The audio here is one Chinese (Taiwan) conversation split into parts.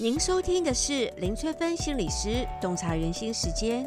您收聽的是林翠芬心理師洞察人心時間。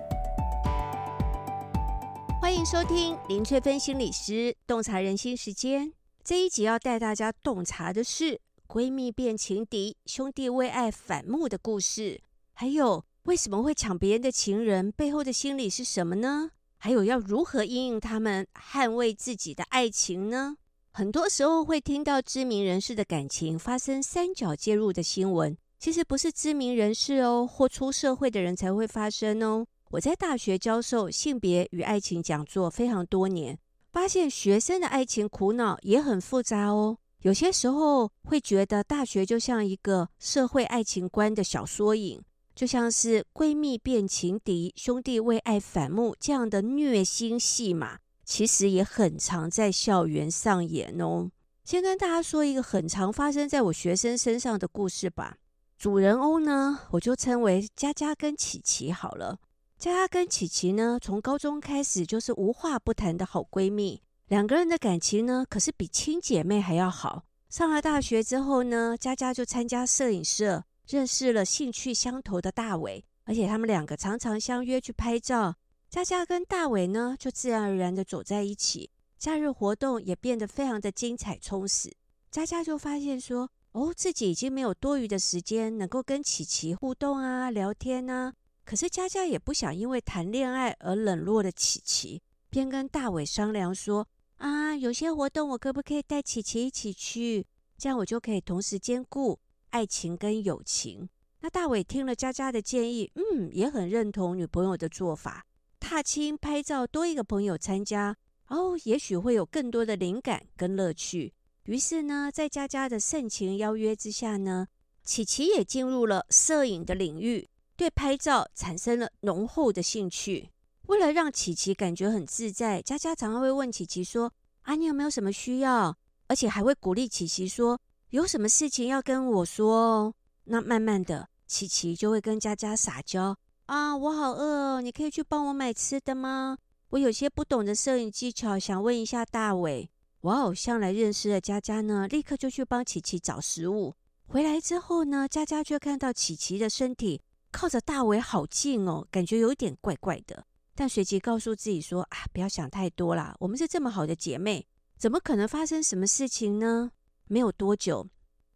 歡迎收聽林翠芬心理師洞察人心時間。這一集要帶大家洞察的是閨蜜變情敵、兄弟為愛反目的故事，還有為什麼會搶別人的情人，背後的心理是什麼呢？還有要如何應用他們，捍衛自己的愛情呢？很多時候會聽到知名人士的感情發生三角介入的新聞。其實不是知名人士哦，或出社會的人才會發生哦。我在大學教授性別與愛情講座非常多年，發現學生的愛情苦惱也很複雜哦。有些時候會覺得大學就像一個社會愛情觀的小縮影，就像是閨蜜變情敵、兄弟為愛反目這樣的虐心戲碼，其實也很常在校園上演哦。先跟大家說一個很常發生在我學生身上的故事吧。主人翁呢，我就稱為佳佳跟琪琪好了。佳佳跟琪琪呢，從高中開始就是無話不談的好閨蜜，兩個人的感情呢，可是比親姐妹還要好。上了大學之後呢，佳佳就參加攝影社，認識了興趣相投的大偉，而且他們兩個常常相約去拍照。佳佳跟大偉呢，就自然而然的走在一起，假日活動也變得非常的精彩充實。佳佳就發現說。哦，自己已經沒有多餘的時間能夠跟琪琪互動啊、聊天啊。可是佳佳也不想因為談戀愛而冷落了琪琪，便跟大偉商量說：“啊，有些活動我可不可以帶琪琪一起去？這樣我就可以同時兼顧愛情跟友情。”那大偉聽了佳佳的建議，嗯，也很認同女朋友的做法。踏青拍照，多一個朋友參加，哦，也許會有更多的靈感跟樂趣。於是呢，在佳佳的盛情邀約之下呢，琪琪也進入了攝影的領域，對拍照產生了濃厚的興趣。為了讓琪琪感覺很自在，佳佳常常會問琪琪說：“啊，你有沒有什麼需要？”而且還會鼓勵琪琪說：“有什麼事情要跟我說哦。”那慢慢的，琪琪就會跟佳佳撒嬌：“啊，我好餓哦，你可以去幫我買吃的嗎？我有些不懂的攝影技巧，想問一下大偉。”哇偶向來認識的佳佳呢，立刻就去幫琪琪找食物。回來之後呢，佳佳卻看到琪琪的身體靠着大偉好近哦，感覺有點怪怪的。但隨即告訴自己說：“啊，不要想太多啦，我們是這麼好的姐妹，怎麼可能發生什麼事情呢？”沒有多久，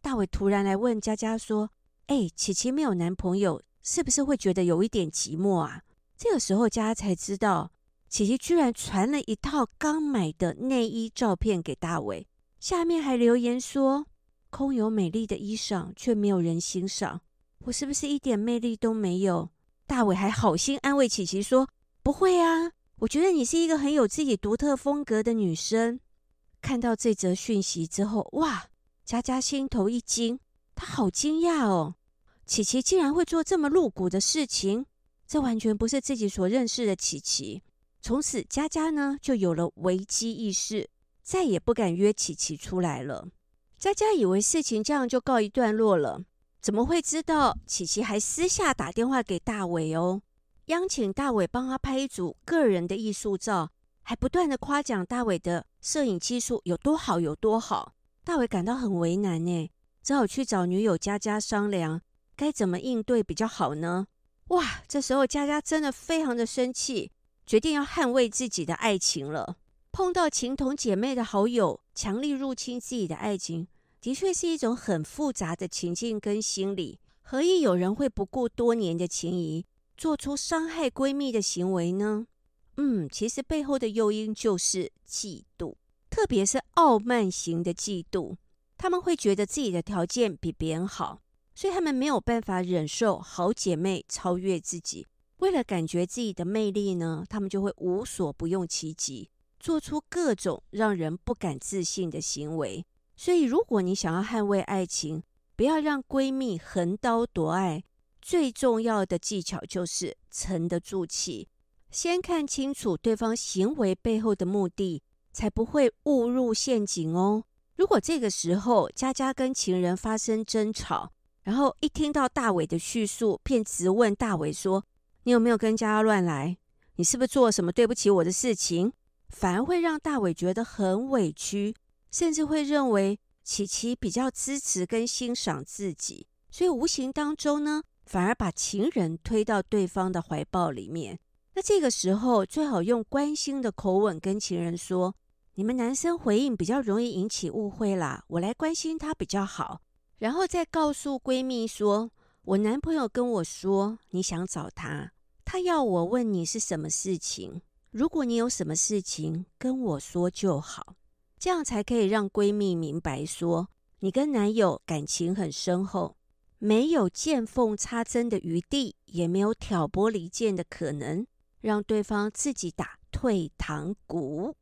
大偉突然來問佳佳說：“哎、欸，琪琪沒有男朋友，是不是會覺得有一點寂寞啊？”這個時候，佳佳才知道。琪琪居然傳了一套剛買的內衣照片給大偉，下面還留言說：“空有美麗的衣裳，卻沒有人欣賞，我是不是一點魅力都沒有？”大偉還好心安慰琪琪說：“不會啊，我覺得你是一個很有自己獨特風格的女生。”看到這則訊息之後，哇，佳佳心頭一驚，她好驚訝哦，琪琪竟然會做這麼露骨的事情，這完全不是自己所認識的琪琪。從此，佳佳呢就有了危機意識，再也不敢約琪琪出來了。佳佳以為事情這樣就告一段落了，怎麼會知道琪琪還私下打電話給大偉哦，央請大偉幫她拍一組個人的藝術照，還不斷的誇獎大偉的攝影技術有多好有多好。大偉感到很為難呢，只好去找女友佳佳商量，該怎麼應對比較好呢？哇，這時候佳佳真的非常的生氣。決定要捍衛自己的愛情了。碰到情同姐妹的好友，強力入侵自己的愛情，的確是一種很複雜的情境跟心理。何以有人會不顧多年的情誼，做出傷害閨蜜的行為呢？嗯，其實背後的誘因就是嫉妒，特別是傲慢型的嫉妒。他們會覺得自己的條件比別人好，所以他們沒有辦法忍受好姐妹超越自己。為了感覺自己的魅力呢，他們就會無所不用其極，做出各種讓人不敢置信的行為。所以，如果你想要捍衛愛情，不要讓閨蜜橫刀奪愛，最重要的技巧就是沉得住氣，先看清楚對方行為背後的目的，才不會誤入陷阱哦。如果這個時候佳佳跟情人發生爭吵，然後一聽到大偉的敘述，便質問大偉說。你有沒有跟家家亂來？你是不是做了什麼對不起我的事情？反而會讓大偉覺得很委屈，甚至會認為琪琪比較支持跟欣賞自己，所以無形當中呢，反而把情人推到對方的懷抱裡面。那這個時候最好用關心的口吻跟情人說：“你們男生回應比較容易引起誤會啦，我來關心他比較好。”然後再告訴閨蜜說：“我男朋友跟我說，你想找他。”他要我問你是什麼事情？如果你有什麼事情跟我說就好，這樣才可以讓閨蜜明白說，說你跟男友感情很深厚，沒有見縫插針的餘地，也沒有挑撥離間的可能，讓對方自己打退堂鼓。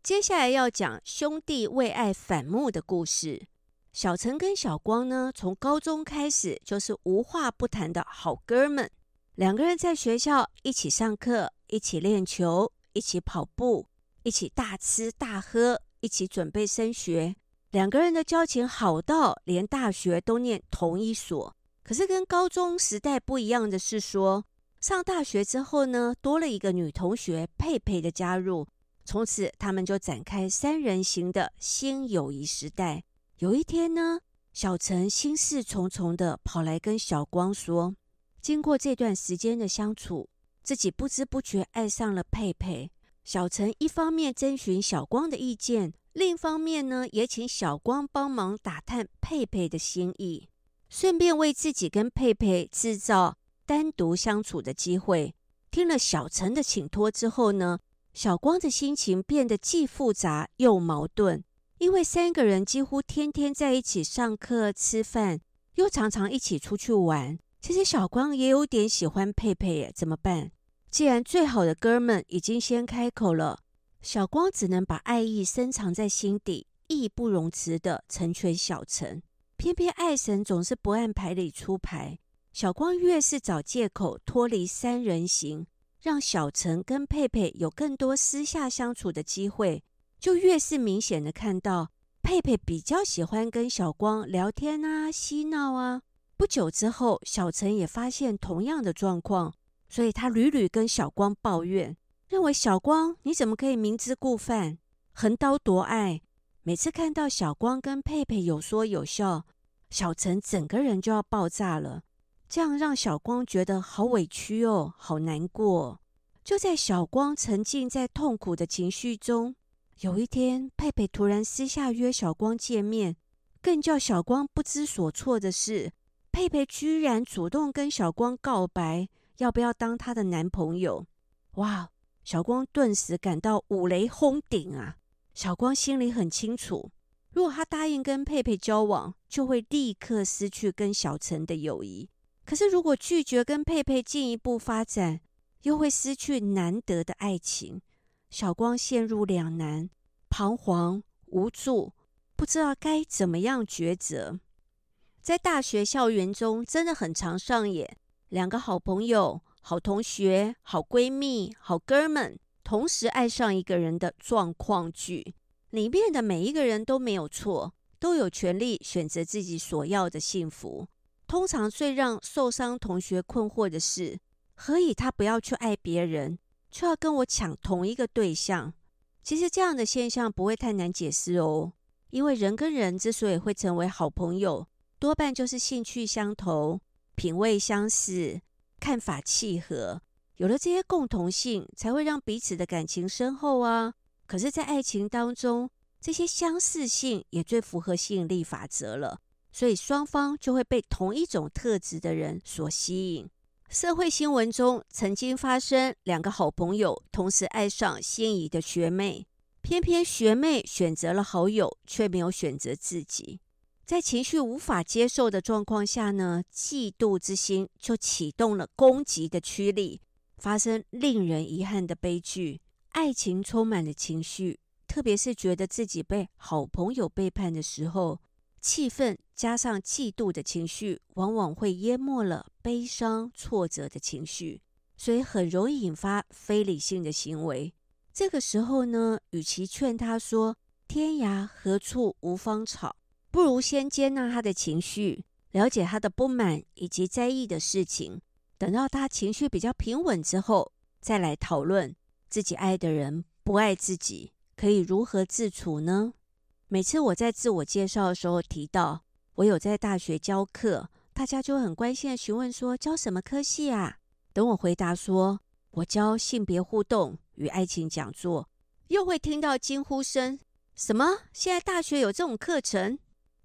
接下來要講兄弟為愛反目的故事。小陳跟小光呢，從高中開始就是無話不談的好哥們。兩個人在學校一起上課，一起練球，一起跑步，一起大吃大喝，一起準備升學。兩個人的交情好到連大學都念同一所。可是跟高中時代不一樣的是說，說上大學之後呢，多了一個女同學佩佩的加入。從此，他們就展開三人行的新友誼時代。有一天呢，小陳心事重重的跑來跟小光說。經過這段時間的相處，自己不知不覺愛上了佩佩。小陳一方面徵詢小光的意見，另一方面呢，也請小光幫忙打探佩佩的心意，順便為自己跟佩佩制造單獨相處的機會。聽了小陳的請托之後呢，小光的心情變得既複雜又矛盾，因為三個人幾乎天天在一起上課、吃飯，又常常一起出去玩。其實小光也有點喜歡佩佩耶，怎麼辦？既然最好的哥們已經先開口了，小光只能把愛意深藏在心底，義不容辭的成全小陳。偏偏愛神總是不按牌理出牌，小光越是找借口脫離三人行，讓小陳跟佩佩有更多私下相處的機會，就越是明顯的看到佩佩比較喜歡跟小光聊天啊，嬉鬧啊。不久之後，小陳也發現同樣的狀況，所以他屢屢跟小光抱怨，認為小光你怎麼可以明知故犯，橫刀奪愛？每次看到小光跟佩佩有說有笑，小陳整個人就要爆炸了。這樣讓小光覺得好委屈哦，好難過。就在小光沉浸在痛苦的情緒中，有一天，佩佩突然私下約小光見面，更叫小光不知所措的是，佩佩居然主動跟小光告白，要不要當她的男朋友？哇！小光頓時感到五雷轟頂啊！小光心裡很清楚，如果他答應跟佩佩交往，就會立刻失去跟小陳的友誼。可是，如果拒絕跟佩佩進一步發展，又會失去難得的愛情。小光陷入兩難，彷徨無助，不知道該怎麼樣抉擇。在大學校園中，真的很常上演兩個好朋友、好同學、好閨蜜、好哥們同時愛上一個人的狀況劇。裡面的每一個人都沒有錯，都有權利選擇自己所要的幸福。通常最讓受傷同學困惑的是，何以他不要去愛別人，卻要跟我搶同一個對象？其實這樣的現象不會太難解釋哦，因為人跟人之所以會成為好朋友。多半就是興趣相投、品味相似、看法契合，有了這些共同性，才會讓彼此的感情深厚啊。可是，在愛情當中，這些相似性也最符合吸引力法則了，所以雙方就會被同一種特質的人所吸引。社會新聞中曾經發生兩個好朋友同時愛上心儀的學妹，偏偏學妹選擇了好友，卻沒有選擇自己。在情緒無法接受的狀況下呢，嫉妒之心就啟動了攻擊的驅力，發生令人遺憾的悲劇。愛情充滿了情緒，特別是覺得自己被好朋友背叛的時候，氣憤加上嫉妒的情緒，往往會淹沒了悲傷挫折的情緒，所以很容易引發非理性的行為。這個時候呢，與其勸他說“天涯何處無芳草”，不如先接納他的情緒，了解他的不滿以及在意的事情。等到他情緒比較平穩之後，再來討論自己愛的人不愛自己，可以如何自處呢？每次我在自我介紹的時候提到我有在大學教課，大家就很關心地詢問說教什麼科系啊？等我回答說我教性別互動與愛情講座，又會聽到驚呼聲：什麼？現在大學有這種課程？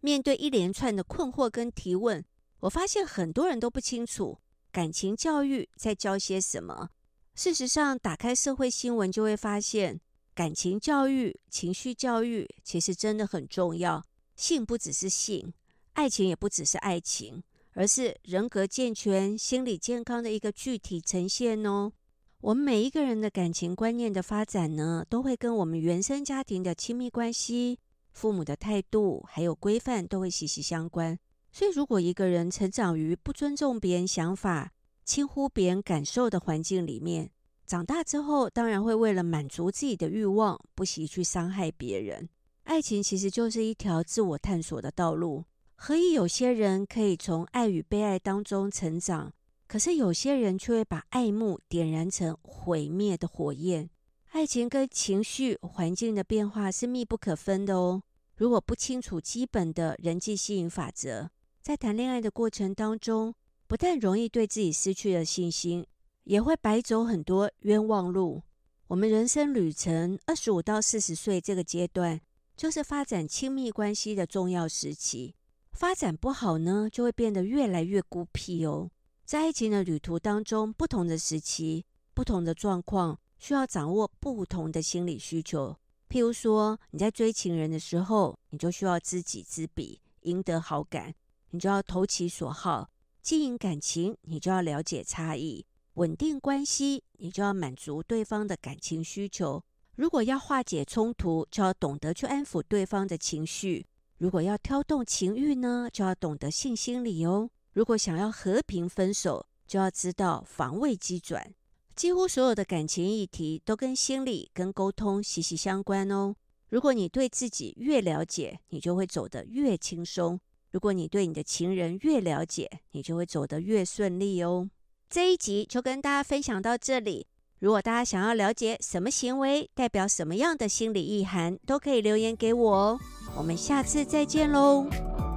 面對一連串的困惑跟提問，我發現很多人都不清楚感情教育在教些什麼。事實上，打開社會新聞就會發現，感情教育、情緒教育其實真的很重要。性不只是性，愛情也不只是愛情，而是人格健全、心理健康的一個具體呈現哦。我們每一個人的感情觀念的發展呢，都會跟我們原生家庭的親密關係。父母的態度，還有規範，都會息息相關。所以，如果一個人成長於不尊重別人想法、輕忽別人感受的環境裡面，長大之後，當然會為了滿足自己的慾望，不惜去傷害別人。愛情其實就是一條自我探索的道路，何以有些人可以從愛與被愛當中成長，可是有些人卻會把愛慕點燃成毀滅的火焰？愛情跟情緒環境的變化是密不可分的哦。如果不清楚基本的人際吸引法則，在談戀愛的過程當中，不但容易對自己失去了信心，也會白走很多冤枉路。我們人生旅程二十五到四十歲這個階段，就是發展親密關係的重要時期。發展不好呢，就會變得越來越孤僻哦。在愛情的旅途當中，不同的時期、不同的狀況。需要掌握不同的心理需求，譬如說你在追情人的時候，你就需要知己知彼，贏得好感；你就要投其所好，經營感情；你就要了解差異，穩定關係；你就要滿足對方的感情需求。如果要化解衝突，就要懂得去安撫對方的情緒；如果要挑動情欲呢，就要懂得性心理哦；如果想要和平分手，就要知道防衛機轉。幾乎所有的感情議題都跟心理跟溝通息息相關哦。如果你對自己越了解，你就會走得越輕鬆；如果你對你的情人越了解，你就會走得越順利哦。這一集就跟大家分享到這裡。如果大家想要了解什麼行為代表什麼樣的心理意涵，都可以留言給我哦。我們下次再見嘍。